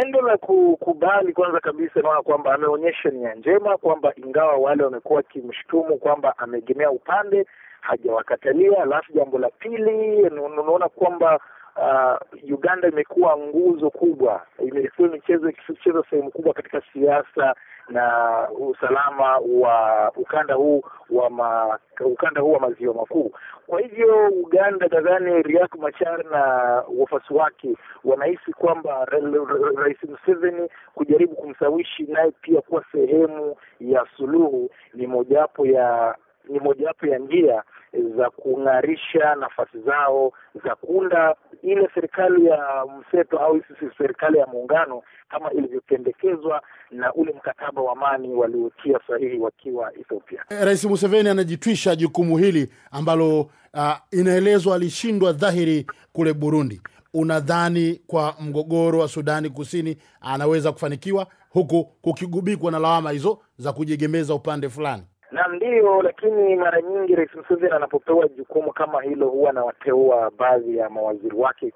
tendo la kukubali kwanza kabisa, naona kwamba ameonyesha nia njema, kwamba ingawa wale wamekuwa wakimshtumu kwamba ameegemea upande hajawakatalia. Alafu jambo la pili, unaona kwamba uh, Uganda imekuwa nguzo kubwa, imekuwa michezo ikicheza sehemu kubwa katika siasa na usalama wa ukanda huu wa ma, ukanda huu wa maziwa makuu. Kwa hivyo Uganda, nadhani riak Machar na wafuasi wake wanahisi kwamba Rais Museveni kujaribu kumsawishi naye pia kuwa sehemu ya suluhu ni mojawapo ya ni mojawapo ya njia za kung'arisha nafasi zao za kunda ile serikali ya mseto au serikali ya muungano kama ilivyopendekezwa na ule mkataba wa amani waliotia sahihi wakiwa Ethiopia. Eh, Rais Museveni anajitwisha jukumu hili ambalo uh, inaelezwa alishindwa dhahiri kule Burundi. Unadhani kwa mgogoro wa Sudani Kusini anaweza kufanikiwa huku kukigubikwa na lawama hizo za kujiegemeza upande fulani? ndio lakini mara nyingi Rais Museveni anapopewa jukumu kama hilo huwa anawateua baadhi ya mawaziri wake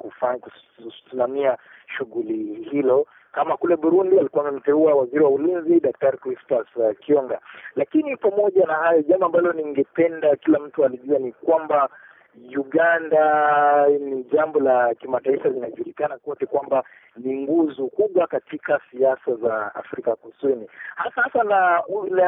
kusimamia shughuli hilo kama kule Burundi alikuwa amemteua waziri wa ulinzi Daktari Crispas uh, Kionga. Lakini pamoja na hayo, jambo ambalo ningependa kila mtu alijua ni kwamba Uganda ni jambo la kimataifa, linajulikana kote kwamba ni nguzo kubwa katika siasa za Afrika Kusini, hasa hasa na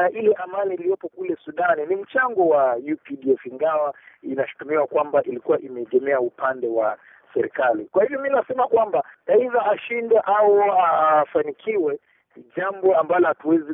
ile amani iliyopo kule Sudani ni mchango wa UPDF, ingawa inashutumiwa kwamba ilikuwa imeegemea upande wa serikali. Kwa hivyo mi nasema kwamba aidha ashinde au ah, afanikiwe, Jambo ambalo hatuwezi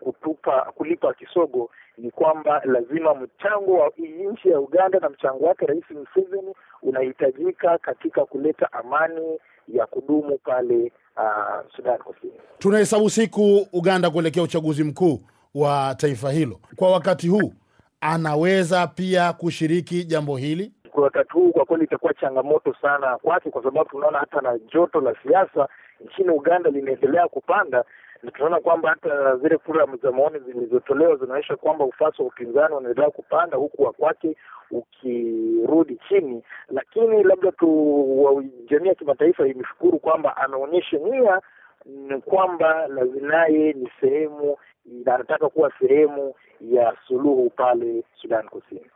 kutupa kulipa kisogo ni kwamba lazima mchango wa nchi ya Uganda na mchango wake Rais Museveni unahitajika katika kuleta amani ya kudumu pale uh, Sudan Kusini. Tunahesabu siku Uganda kuelekea uchaguzi mkuu wa taifa hilo kwa wakati huu, anaweza pia kushiriki jambo hili wakati huu kwa kweli itakuwa changamoto sana kwake, kwa sababu tunaona hata na joto la siasa nchini Uganda linaendelea kupanda na tunaona kwamba hata zile kura za maoni zilizotolewa zinaonyesha kwamba ufasi wa upinzani unaendelea kupanda huku wa kwake ukirudi chini, lakini labda tu jamii ya kimataifa imeshukuru kwamba ameonyesha nia ni kwamba lazinaye ni sehemu anataka kuwa sehemu ya suluhu pale Sudan Kusini.